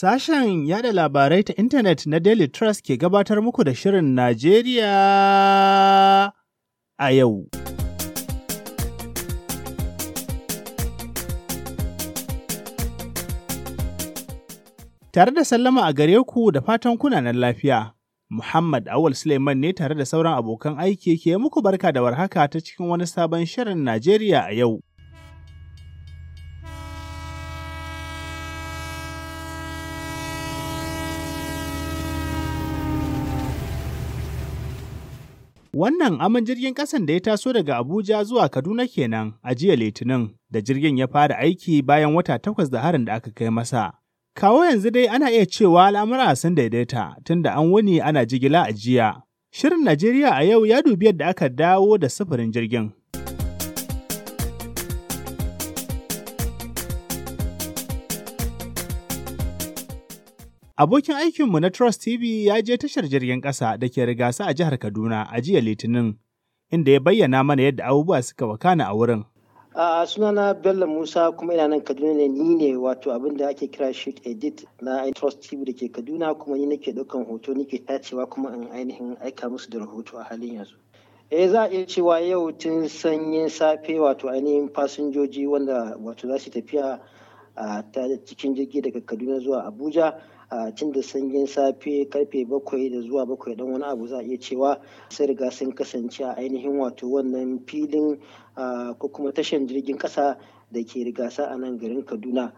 Sashen yada labarai ta intanet na Daily Trust ke gabatar muku da Shirin Najeriya a yau. Tare da sallama a gare ku da fatan kunanan lafiya, Muhammad Awal Suleiman ne tare da sauran abokan aiki ke muku barka da warhaka ta cikin wani sabon Shirin Najeriya a yau. Wannan aman jirgin ƙasan da ya taso daga Abuja zuwa Kaduna kenan a jiya Litinin da jirgin ya fara aiki bayan wata takwas da harin da aka kai masa. Kawo yanzu dai ana iya cewa al'amura sun daidaita tunda an wuni ana jigila a jiya. Shirin Najeriya a yau ya dubi yadda aka dawo da sufurin jirgin. Abokin aikinmu na Trust TV ya je tashar jirgin ƙasa da ke rigasa a jihar Kaduna a jiya Litinin, inda ya bayyana mana yadda abubuwa suka wakana a wurin. A sunana Bello Musa kuma ina nan Kaduna ne ni ne wato abin da ake kira shoot edit na Trust TV da ke Kaduna kuma ni nake ɗaukan hoto nake tacewa kuma in ainihin aika musu da rahoto a halin yanzu. eh za a iya cewa yau tun sanyin safe wato ainihin fasinjoji wanda wato za su tafiya a cikin jirgi daga kaduna zuwa abuja a tun da sanyin safe karfe bakwai da zuwa bakwai dan wani abu za a iya cewa sai riga sun kasance a ainihin wato wannan filin ko kuma tashan jirgin kasa da ke rigasa a nan garin kaduna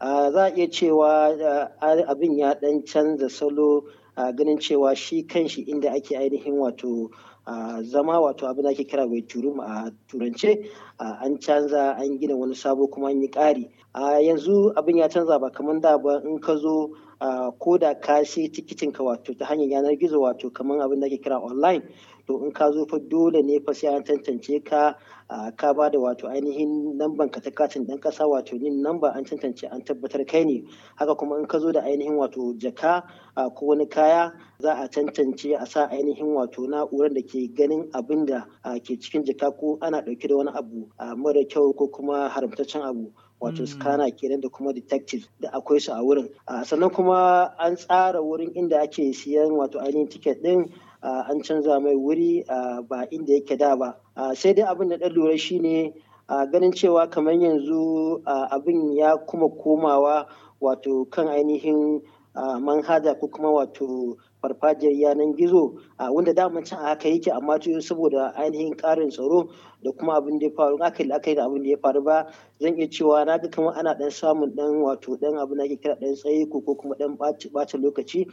za a iya cewa abin ya dan canza salo ganin cewa shi kanshi inda ake ainihin wato a zama wato abin da ake kira wai turum a turance an canza an gina wani sabo kuma an yi ƙari a yanzu abin ya canza ba kamar da ba in ka zo ko da ka sai tikitin ka wato ta hanyar yanar gizo wato kamar abin da ake kira online to in ka zo fa dole ne fa sai an tantance ka ka ba da wato ainihin lamban ka ta katin dan kasa wato yin namba an tantance an tabbatar kai ne haka kuma in ka zo da ainihin wato jaka ko wani kaya za a tantance a sa ainihin wato na'urar da ke ganin abin da ke cikin jaka ko ana ɗauke da wani abu mara kyau ko kuma haramtaccen abu wato mm. scanner kenan da kuma detective da akwai su a wurin sannan kuma an tsara wurin inda ake siyan wato ainihin ticket din an canza mai wuri ba inda yake da ba sai dai abin da ɗan lura shine ganin cewa kamar yanzu abin ya kuma komawa wato kan ainihin manhaja ko kuma wato farfajiyar yanar gizo wanda daman can a haka yake amma tuyo saboda ainihin karin tsaro da kuma abin da ya faru aka yi da abin da ya faru ba zan iya cewa na ga kamar ana dan samun dan wato dan abin da ake kira dan tsaye ko kuma dan bacin lokaci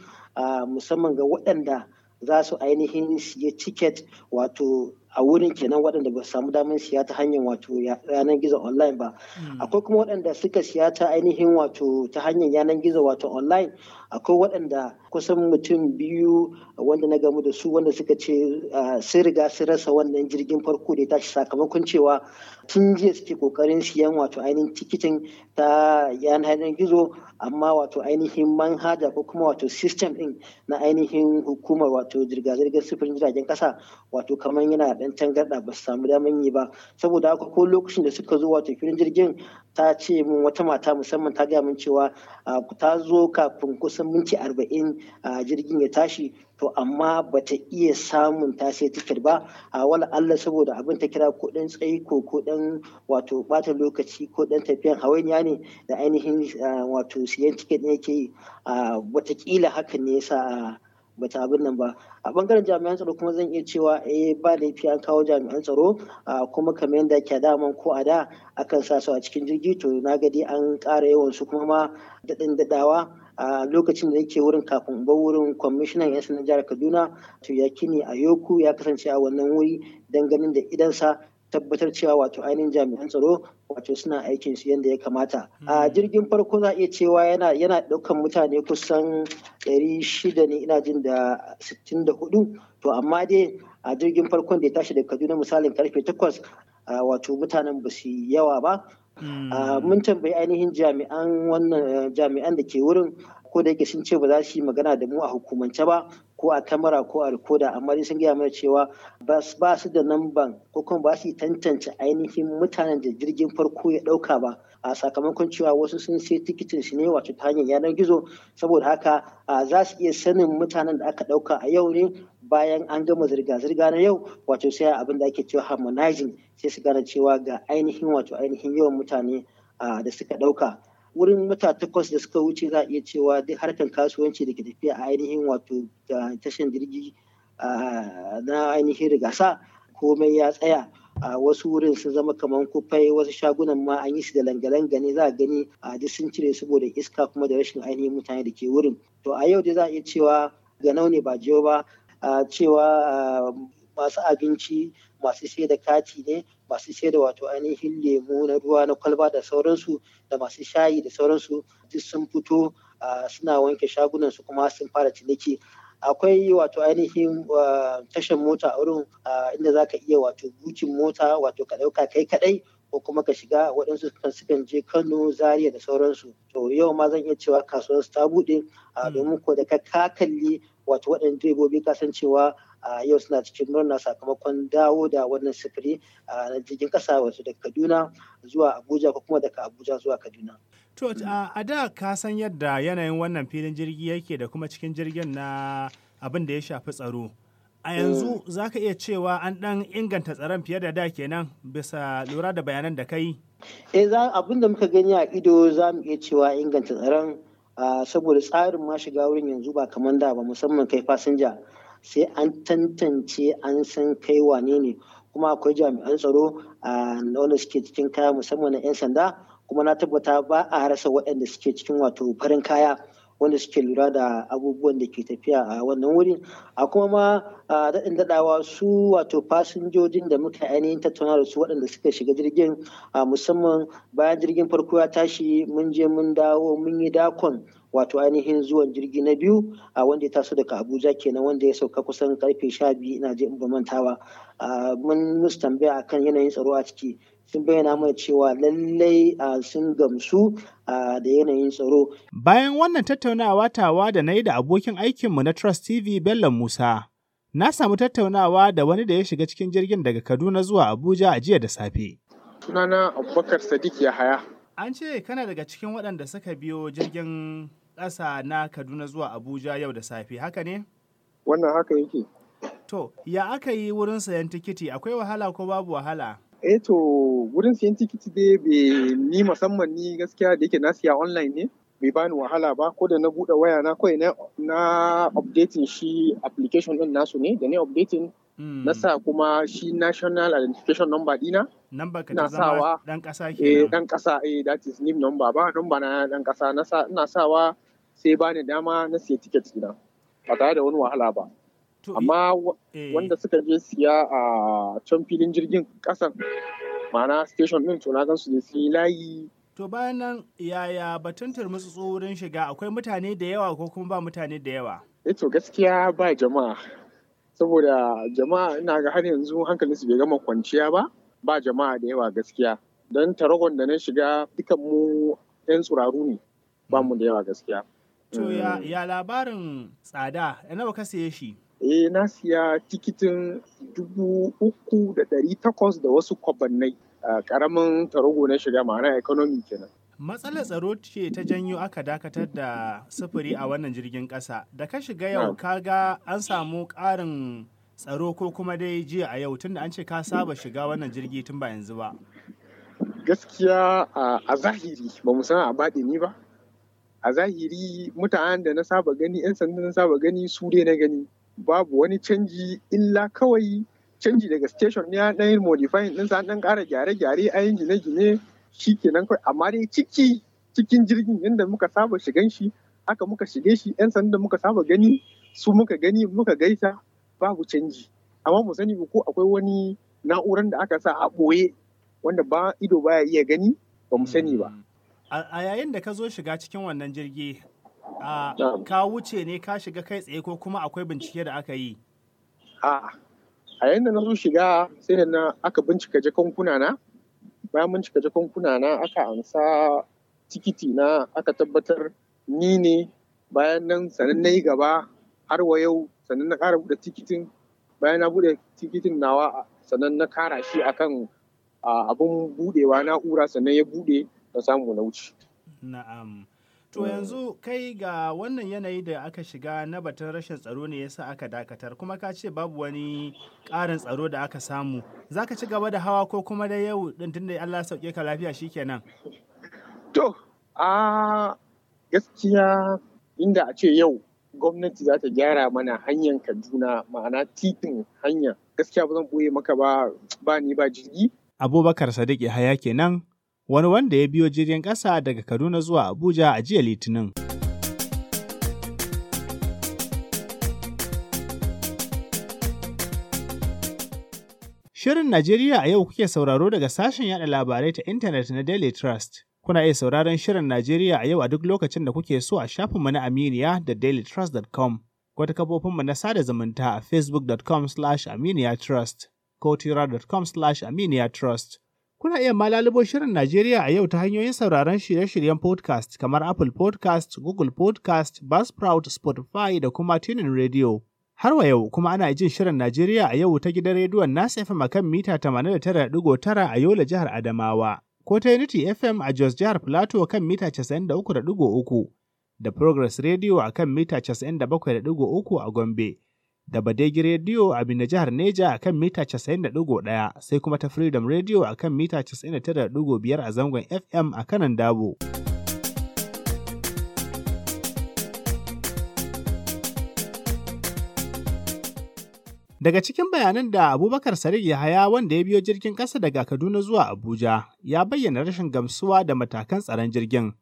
musamman ga waɗanda za su ainihin siya tiket wato a wurin kenan waɗanda ba samu damar siya ta hanyar wato yanar gizo online ba hmm. akwai kuma waɗanda suka siya ta ainihin wato ta hanyar yanar gizo wato online akwai waɗanda kusan mutum biyu uh, wanda na gamu da su wanda suka ce uh, sun riga sun rasa wannan jirgin farko da ya tashi sakamakon cewa tun jiya suke kokarin siyan wato ainihin tikitin ta yanar gizo amma wato ainihin manhaja ko kuma wato system din na ainihin hukumar wato zirga-zirgar sufurin jiragen kasa wato kamar yana ɗan tangarɗa ba su samu daman yi ba saboda haka ko lokacin da suka zo wato filin jirgin ta ce min wata mata musamman ta gaya min cewa uh, ta zo kafin kusan. kusan minti arba'in jirgin ya tashi to amma bata iya samun ta sai tiket ba a wala Allah saboda abin ta kira ko dan tsayi ko ko dan wato bata lokaci ko dan tafiyan hawainiya ne da ainihin wato siyan tiket ne yake yi watakila hakan ne yasa bata abin nan ba a bangaren jami'an tsaro kuma zan iya cewa eh ba yafi an kawo jami'an tsaro kuma kamar yadda ke daman ko a da akan sa su a cikin jirgi to na gadi an kara yawan su kuma ma daɗin daɗawa a lokacin da yake wurin kafin bar wurin kwamishinan 'yan sanar jihar kaduna to ya kini a yoku ya kasance a wannan wuri don ganin da idansa tabbatar cewa wato ainihin jami'an tsaro wato suna aikin su yadda ya kamata a hmm. jirgin farko na iya cewa yana yana daukan mutane kusan 600 ne ina jin da 64 to amma dai a jirgin farkon da ya tashi da kaduna misalin karfe 8 wato mutanen ba su yawa ba Ah, mun tambayi ainihin jami'an wannan eh, jami'an da ke wurin ko da yake sun ce ba za su yi magana da mu a hukumance ba ko a tamara ko a rikoda amma dai sun gaya mana cewa ba su da namban ko kuma ba su yi tantance ainihin mutanen da jirgin farko ya ɗauka ba a sakamakon cewa wasu sun sai tikitin su ne wato ta hanyar yanar gizo saboda haka za su iya sanin mutanen da aka ɗauka a yau ne bayan an gama zirga-zirga na yau wato sai abin da ake cewa harmonizing sai su gane cewa ga ainihin wato ainihin yawan mutane da suka ɗauka wurin mata takwas da suka wuce za a iya cewa duk harkar kasuwanci da ke tafiya a ainihin wato tashan jirgi na ainihin rigasa komai ya tsaya a wasu wurin sun zama kamar kufai wasu shagunan ma an yi su da langa-langa ne za a gani a duk sun cire saboda iska kuma da rashin ainihin mutane da ke wurin to a yau dai za a iya cewa ga ne ba jiyo ba cewa masu abinci masu sai da kati ne masu sai da wato ainihin lemu na ruwa na kwalba da sauransu da masu shayi da sauransu duk sun fito suna wanke shagunansu kuma sun fara ciniki akwai wato ainihin tashan mota a wurin inda za ka iya wato bukin mota wato ka ɗauka kai kaɗai ko kuma ka shiga waɗansu sukan je kano zaria da sauransu to yau ma zan iya cewa kasuwar ta buɗe hmm. domin ko da ka kalli wato waɗannan direbobi kasancewa cewa a yau suna cikin murna sakamakon dawo da wannan sufuri a jirgin kasa wasu daga kaduna zuwa abuja ko kuma daga abuja zuwa kaduna to a da ka san yadda yanayin wannan filin jirgi yake da kuma cikin jirgin na abin da ya shafi tsaro a yanzu mm. za ka iya cewa an ɗan inganta tsaron fiye da da kenan bisa lura da bayanan da kai. yi eh abin da muka gani a ido za mu iya cewa inganta tsaron saboda tsarin ma shiga wurin yanzu ba kamar da ba musamman kai fasinja sai an tantance an san kai wane ne kuma akwai jami'an tsaro a wanda suke cikin kaya musamman na 'yan sanda kuma na tabbata ba a rasa waɗanda suke cikin wato farin kaya wanda suke lura da abubuwan da ke tafiya a wannan wurin a kuma ma daɗin daɗawa su wato fasinjojin da muka ainihin tattauna da su waɗanda suka shiga jirgin musamman bayan jirgin farko ya tashi mun je mun dawo mun yi dakon wato ainihin zuwan jirgi na biyu a wanda ya taso daga abuja kenan wanda ya sauka kusan karfe sha biyu ina je in ba mantawa mun musu tambaya akan yanayin tsaro a ciki sun bayyana mana cewa lallai sun gamsu da yanayin tsaro. Bayan wannan tattaunawa tawa da na yi da abokin aikinmu na Trust TV Bello Musa, na samu tattaunawa da wani da ya shiga cikin jirgin daga Kaduna zuwa Abuja a jiya da safe. Sunana Abubakar Sadiq haya. An ce kana daga cikin waɗanda suka biyo jirgin ƙasa na Kaduna zuwa Abuja yau da safe, haka ne? Wannan haka yake. To, ya aka yi wurin sayan tikiti, akwai wahala ko babu wahala? eh to wurin siyan tikiti dai bai ni musamman ni gaskiya da yake na siya online ne bai bani wahala ba ko da na buɗe waya na kawai na na updating shi application din nasu ne da ni updating hmm. na sa kuma shi national identification number dina number ka ta sawa dan kasa ke eh dan kasa eh that is name number ba number na dan kasa na sa ina sawa sai bani dama na siya tiket dina ba tare da wani wahala ba amma eh. wanda suka je siya a can filin jirgin kasan mana station din to na gan su ne sun yi layi to bayan nan yaya batun turmutsu tsohon shiga akwai mutane da yawa ko kuma ba mutane da yawa eh to gaskiya ba jama'a saboda jama'a ina ga har yanzu hankalin su bai gama kwanciya ba ba jama'a da yawa gaskiya don taragon da na shiga dukan mu yan tsuraru ne ba mu da yawa gaskiya to ya mm. labarin tsada nawa ka siye shi eh na siya tikitin dubu uku da ɗari takwas da wasu kwabannai a karamin tarogo na shiga ma'ana economy kenan. Matsalar tsaro ce ta janyo aka dakatar da sufuri a wannan jirgin ƙasa. Da ka shiga yau ka ga an samu ƙarin tsaro ko kuma dai jiya a yau tunda an ce ka saba shiga wannan jirgi tun ba yanzu ba. Gaskiya a zahiri ba mu san a ni ba. A zahiri mutanen da na saba gani 'yan sanda na saba gani su dai na gani. babu wani canji illa kawai canji daga station ne na yin modifying ɗinsa ɗan ƙara gyare-gyare a yin gine-gine shi kenan kawai amma dai ciki cikin jirgin yadda muka saba shigan shi aka muka shige shi 'yan sanda muka saba gani su muka gani muka gaisa babu canji amma mu sani ko akwai wani na'uran da aka sa a ɓoye wanda ba ido baya iya gani ba mu sani ba a yayin da ka zo shiga cikin wannan jirgi ka wuce ne ka shiga kai tsaye ko kuma akwai bincike da aka yi? A yayin da na zo shiga sai da na aka bincika kuna na, bayan bincika kuna na aka amsa tikiti na aka tabbatar ni ne bayan nan sanin na yi gaba har wa yau sanin na ƙara buɗe tikitin bayan na buɗe tikitin nawa sanin na kara shi akan abin buɗewa na'ura sannan ya buɗe na samu na wuce. Na'am. To mm. yanzu kai ga wannan yanayi da aka shiga na batun rashin tsaro ne yasa aka dakatar kuma ka ce babu wani ƙarin tsaro da aka samu. Za ka ci gaba da hawa ko kuma da yau ɗin da Allah sauke ka lafiya shikenan? To, a gaskiya inda a ce yau gwamnati za ta gyara mana hanyar Kaduna ma'ana titin hanya. Gaskiya ba zan ɓoye maka ba ba ni ba jirgi. Abubakar Sadiq Yahaya kenan wani wanda ya biyo jirgin ƙasa daga Kaduna zuwa Abuja a jiya Litinin. Shirin Najeriya a yau kuke sauraro daga sashen yada labarai ta intanet na Daily Trust. Kuna iya sauraron Shirin Najeriya a yau a duk lokacin da kuke so a shafinmu na Aminiya da dailytrust.com ko ta kafofinmu na sada zumunta a facebookcom aminiyatrust ko tiracom aminiyatrust Kuna iya malalibo Shirin Najeriya a yau ta hanyoyin sauraron shirye-shiryen podcast kamar Apple podcast, Google podcast, Buzzsprout, Spotify da kuma Tunin Radio. Har wa yau kuma ana jin Shirin Najeriya a yau ta gidan rediyon Nas FM a kan mita 89.9 a Yola jihar Adamawa, ko ta Unity FM a Jos jihar Plateau kan mita 93.3 da Progress Radio a kan mita 97.3 a Gombe. da Badegi Radio a Bina jihar Neja a kan mita 90.1 sai kuma ta Freedom Radio a kan mita 99.5 a zangon FM a kanan Dabo. Daga cikin bayanan da Abubakar Sadiq Yahaya wanda ya biyo jirgin ƙasa daga Kaduna zuwa Abuja ya bayyana rashin gamsuwa da matakan tsaron jirgin.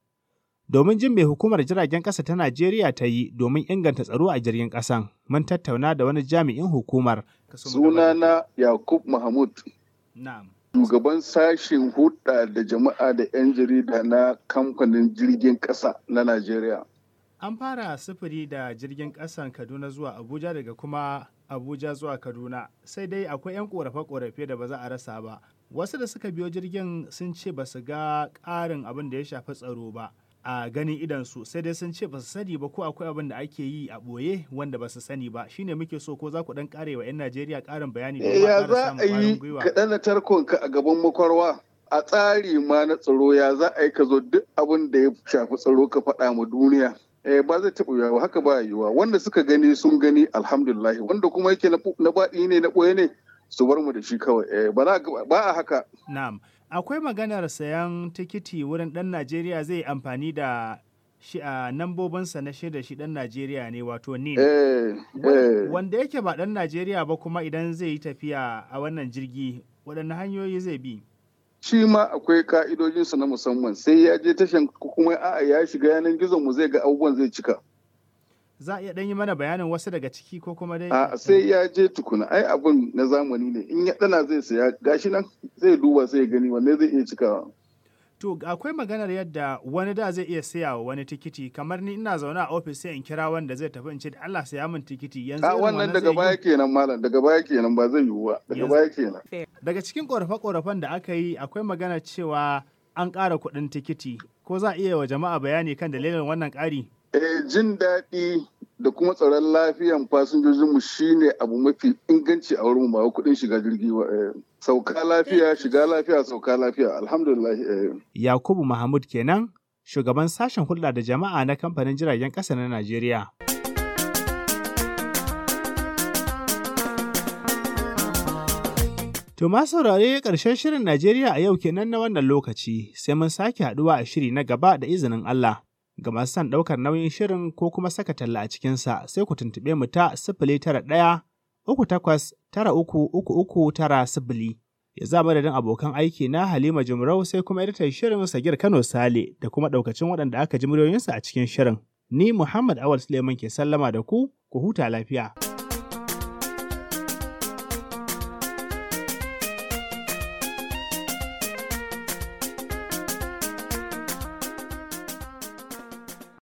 domin jin mai hukumar jiragen ƙasa ta Najeriya ta yi domin inganta tsaro a jirgin ƙasan. Mun tattauna da wani jami'in hukumar. Sunana Yakub Mahmud. Shugaban sashen hulɗa da jama'a da 'yan jarida na kamfanin jirgin ƙasa na Najeriya. An fara sufuri da jirgin ƙasan Kaduna zuwa Abuja daga kuma Abuja zuwa Kaduna, sai dai akwai 'yan ƙorafe-ƙorafe da ba za a rasa ba. Wasu da suka biyo jirgin sun ce ba su ga ƙarin abin da ya shafi tsaro ba. a ganin idansu sai dai sun ce ba su sani ba ko akwai abin da ake yi a ɓoye wanda ba su sani ba shine muke so ko za ku dan kare wa 'yan Najeriya karin bayani da eh, ya za a yi kaɗan ka a gaban makwarwa a tsari ma na tsaro ya za a yi ka zo duk abin da ya shafi tsaro ka faɗa ma duniya eh ba zai taɓa yawa haka ba yiwuwa wanda suka gani sun gani alhamdulillah wanda kuma yake na baɗi ne na ɓoye ne su bar mu da shi kawai eh, ba a haka na'am akwai maganar sayan tikiti wurin dan najeriya zai amfani da shi a nambobinsa na shida shi dan najeriya ne wato nin eh, eh. wanda yake ba dan najeriya ba kuma idan zai yi tafiya a wannan jirgi waɗanne hanyoyi zai bi shi ma akwai ka'idojinsa na musamman sai ya je tashan kuma a'a ya shiga yanar gizon mu zai ga abubuwan zai cika za a iya dan yi mana bayanin wasu daga ciki ko kuma dai a sai ya je tukuna ai abun na zamani ne in ya ɗana zai saya gashi nan zai duba sai gani wanne zai iya cikawa to akwai maganar yadda wani da zai iya saya wa wani tikiti kamar ni ina zaune a ofis sai in kira wanda zai tafi in ce Allah saya min tikiti yanzu a wannan daga baya kenan malam daga baya kenan ba zai yiwu daga baya kenan daga cikin korafe-korafen da aka yi akwai maganar cewa an ƙara kuɗin tikiti ko za a iya wa jama'a bayani kan dalilin wannan ƙari Eh, jin daɗi da kuma tsaron lafiyan fasinjojinmu shine abu mafi inganci a wurin ba kuɗin shiga jirgi eh. sauka lafiya shiga lafiya sauka lafiya alhamdulillah eh. yakubu mahmud kenan shugaban sashen hulɗa da jama'a na kamfanin jiragen ƙasa na najeriya To ma saurare ƙarshen shirin Najeriya a yau kenan na wannan lokaci sai mun sake haɗuwa a shiri na gaba da izinin Allah. Ga masu son ɗaukar nauyin shirin ko kuma saka talla a cikinsa sai ku tuntuɓe mu ta sifili tara ɗaya uku takwas tara uku uku uku tara sifili. Ya za madadin abokan aiki na Halima Jumrau sai kuma editan shirin Sagir Kano Sale da kuma ɗaukacin waɗanda aka ji muryoyinsa a cikin shirin. Ni Muhammad Awal Suleiman ke sallama da ku, ku huta lafiya.